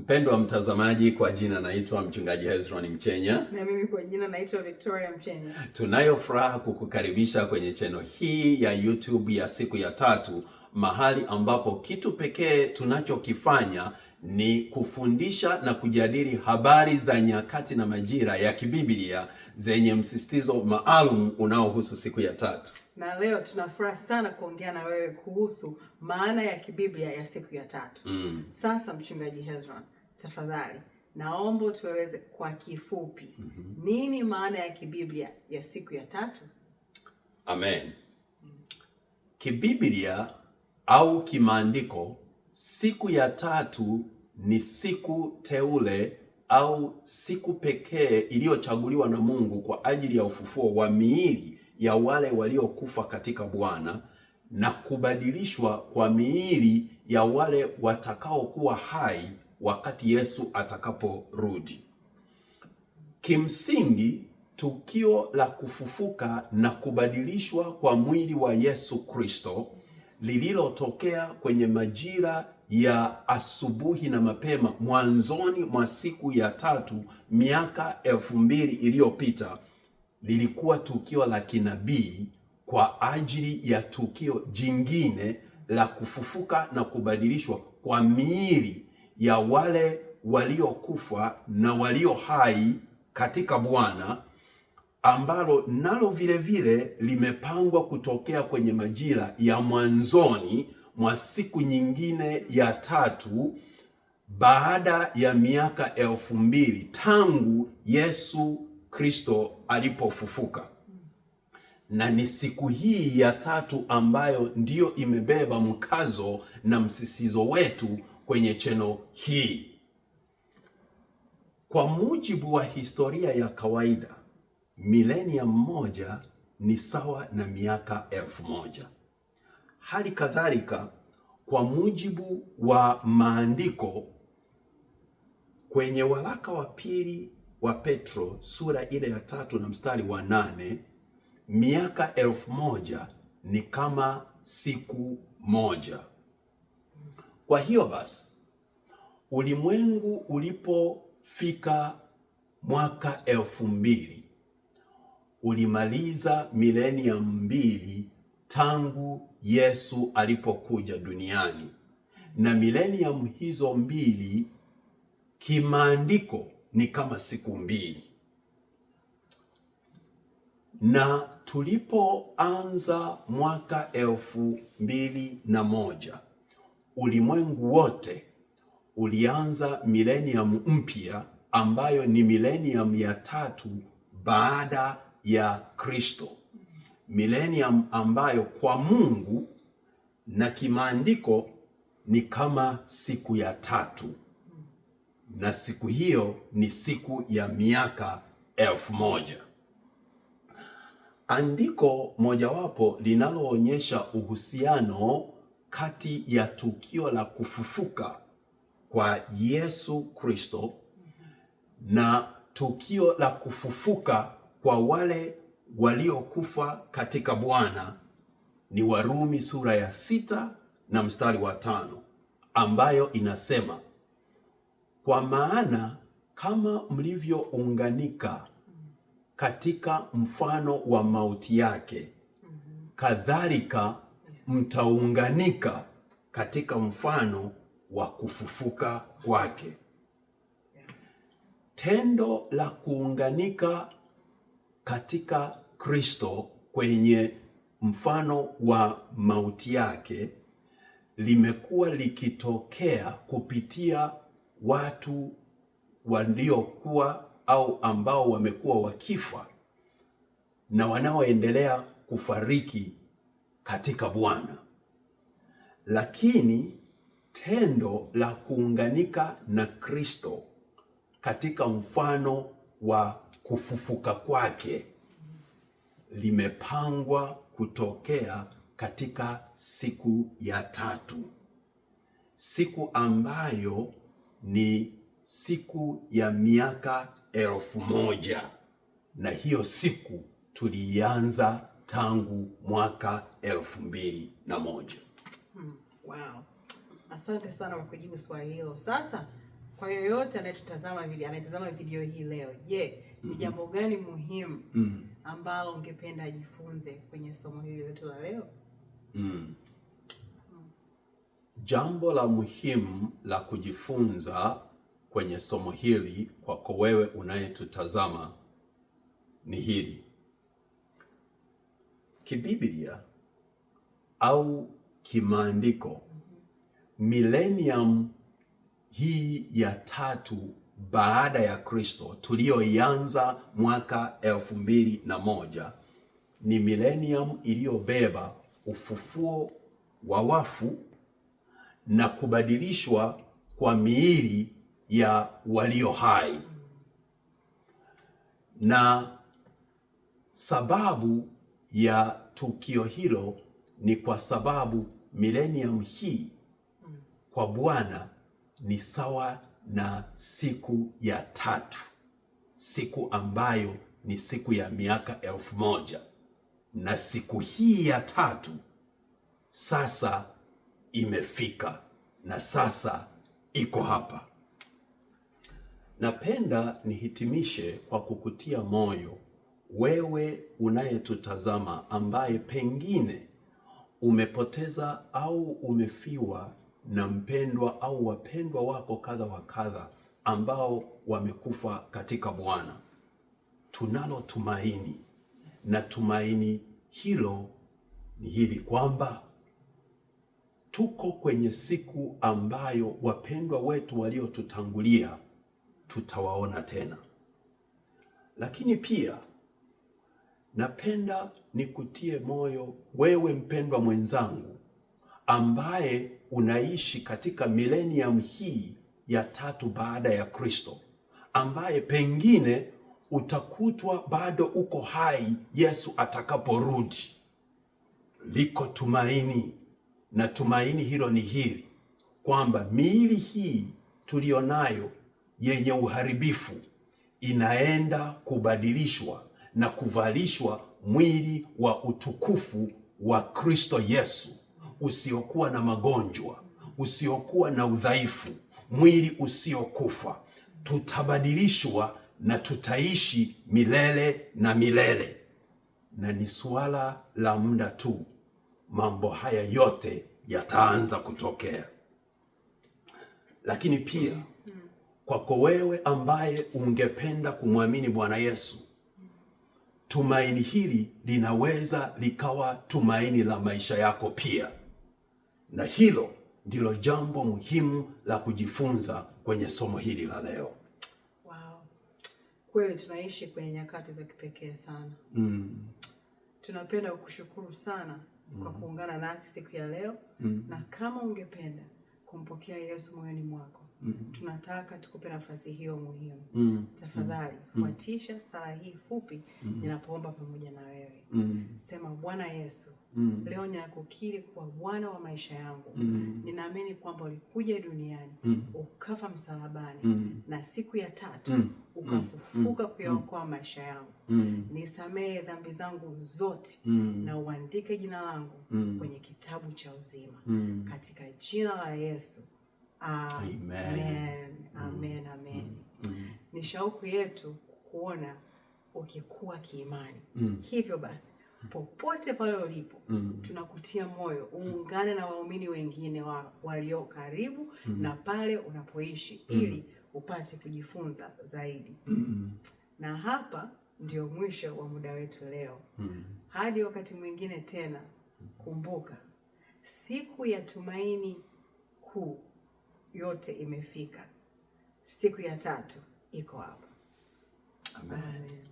Mpendwa mtazamaji, kwa jina naitwa mchungaji Hezron Mchenya. Na mimi kwa jina naitwa Victoria Mchenya. Tunayo furaha kukukaribisha kwenye channel hii ya YouTube ya siku ya tatu, mahali ambapo kitu pekee tunachokifanya ni kufundisha na kujadili habari za nyakati na majira ya kibiblia zenye msisitizo maalum unaohusu siku ya tatu na leo tunafuraha sana kuongea na wewe kuhusu maana ya kibiblia ya siku ya tatu. Mm. Sasa Mchungaji Hezron, tafadhali naomba tueleze kwa kifupi mm -hmm. nini maana ya kibiblia ya siku ya tatu? Amen. Mm. Kibiblia au kimaandiko, siku ya tatu ni siku teule au siku pekee iliyochaguliwa na Mungu kwa ajili ya ufufuo wa miili ya wale waliokufa katika Bwana na kubadilishwa kwa miili ya wale watakaokuwa hai wakati Yesu atakaporudi. Kimsingi, tukio la kufufuka na kubadilishwa kwa mwili wa Yesu Kristo lililotokea kwenye majira ya asubuhi na mapema mwanzoni mwa siku ya tatu miaka elfu mbili iliyopita lilikuwa tukio la kinabii kwa ajili ya tukio jingine la kufufuka na kubadilishwa kwa miili ya wale waliokufa na walio hai katika Bwana, ambalo nalo vile vile limepangwa kutokea kwenye majira ya mwanzoni mwa siku nyingine ya tatu baada ya miaka elfu mbili tangu Yesu Kristo alipofufuka, na ni siku hii ya tatu ambayo ndiyo imebeba mkazo na msisitizo wetu kwenye cheno hii. Kwa mujibu wa historia ya kawaida, milenia moja ni sawa na miaka elfu moja. Hali kadhalika kwa mujibu wa maandiko kwenye waraka wa pili wa Petro sura ile ya tatu na mstari wa nane miaka elfu moja ni kama siku moja. Kwa hiyo basi, ulimwengu ulipofika mwaka elfu mbili ulimaliza milenia mbili tangu Yesu alipokuja duniani, na milenia hizo mbili kimaandiko ni kama siku mbili, na tulipoanza mwaka elfu mbili na moja ulimwengu wote ulianza milenium mpya ambayo ni milenium ya tatu baada ya Kristo, milenium ambayo kwa Mungu na kimaandiko ni kama siku ya tatu na siku hiyo ni siku ya miaka elfu moja. Andiko mojawapo linaloonyesha uhusiano kati ya tukio la kufufuka kwa Yesu Kristo na tukio la kufufuka kwa wale waliokufa katika Bwana ni Warumi sura ya sita na mstari wa tano ambayo inasema kwa maana kama mlivyounganika katika mfano wa mauti yake, kadhalika mtaunganika katika mfano wa kufufuka kwake. Tendo la kuunganika katika Kristo kwenye mfano wa mauti yake limekuwa likitokea kupitia watu waliokuwa au ambao wamekuwa wakifa na wanaoendelea kufariki katika Bwana. Lakini tendo la kuunganika na Kristo katika mfano wa kufufuka kwake limepangwa kutokea katika siku ya tatu, siku ambayo ni siku ya miaka elfu moja na hiyo siku tulianza tangu mwaka elfu mbili na moja. Hmm, wow. Asante sana kwa kujibu swali hilo. Sasa kwa yoyote anayetutazama video, anayetazama video hii leo, je, ni mm-hmm. jambo gani muhimu mm-hmm. ambalo ungependa ajifunze kwenye somo hili letu la leo? Mm. Jambo la muhimu la kujifunza kwenye somo hili kwako wewe unayetutazama ni hili: kibiblia au kimaandiko, milenium hii ya tatu baada ya Kristo tuliyoianza mwaka elfu mbili na moja ni milenium iliyobeba ufufuo wa wafu na kubadilishwa kwa miili ya walio hai. Na sababu ya tukio hilo ni kwa sababu milenium hii kwa Bwana ni sawa na siku ya tatu, siku ambayo ni siku ya miaka elfu moja na siku hii ya tatu sasa imefika na sasa iko hapa. Napenda nihitimishe kwa kukutia moyo wewe unayetutazama, ambaye pengine umepoteza au umefiwa na mpendwa au wapendwa wako kadha wa kadha ambao wamekufa katika Bwana. Tunalo tumaini na tumaini hilo ni hili kwamba tuko kwenye siku ambayo wapendwa wetu waliotutangulia tutawaona tena. Lakini pia napenda nikutie moyo wewe mpendwa mwenzangu ambaye unaishi katika milenium hii ya tatu baada ya Kristo, ambaye pengine utakutwa bado uko hai Yesu atakaporudi. Liko tumaini na tumaini hilo ni hili kwamba miili hii tuliyonayo yenye uharibifu inaenda kubadilishwa na kuvalishwa mwili wa utukufu wa Kristo Yesu usiokuwa na magonjwa, usiokuwa na udhaifu, mwili usiokufa. Tutabadilishwa na tutaishi milele na milele, na ni suala la muda tu mambo haya yote yataanza kutokea. Lakini pia kwako wewe ambaye ungependa kumwamini Bwana Yesu, tumaini hili linaweza likawa tumaini la maisha yako pia, na hilo ndilo jambo muhimu la kujifunza kwenye somo hili la leo. Kweli tunaishi kwenye nyakati za kipekee sana. Mm. Tunapenda kukushukuru sana -hmm. kwa mm-hmm. kuungana nasi siku ya leo mm -hmm. na kama ungependa kumpokea Yesu moyoni mwako Mm-hmm. tunataka tukupe nafasi hiyo muhimu mm -hmm. tafadhali mm-hmm. fuatisha mm -hmm. sala hii fupi mm -hmm. ninapoomba pamoja na wewe mm -hmm. sema Bwana Yesu Mm. Leo ninakukiri kuwa Bwana wa maisha yangu. Mm. Ninaamini kwamba ulikuja duniani mm. ukafa msalabani mm. na siku ya tatu mm. ukafufuka mm. kuyaokoa maisha yangu. Mm. Nisamehe dhambi zangu zote mm. na uandike jina langu mm. kwenye kitabu cha uzima mm. katika jina la Yesu. Amen, amen, mm. amen. Mm. Mm. Ni shauku yetu kuona ukikuwa kiimani. Hivyo basi popote pale ulipo mm tunakutia moyo uungane na waumini wengine wa, walio karibu mm na pale unapoishi mm ili upate kujifunza zaidi mm na hapa ndio mwisho wa muda wetu leo mm hadi wakati mwingine tena, kumbuka siku ya tumaini kuu yote imefika, siku ya tatu iko hapa. Amen. Amen.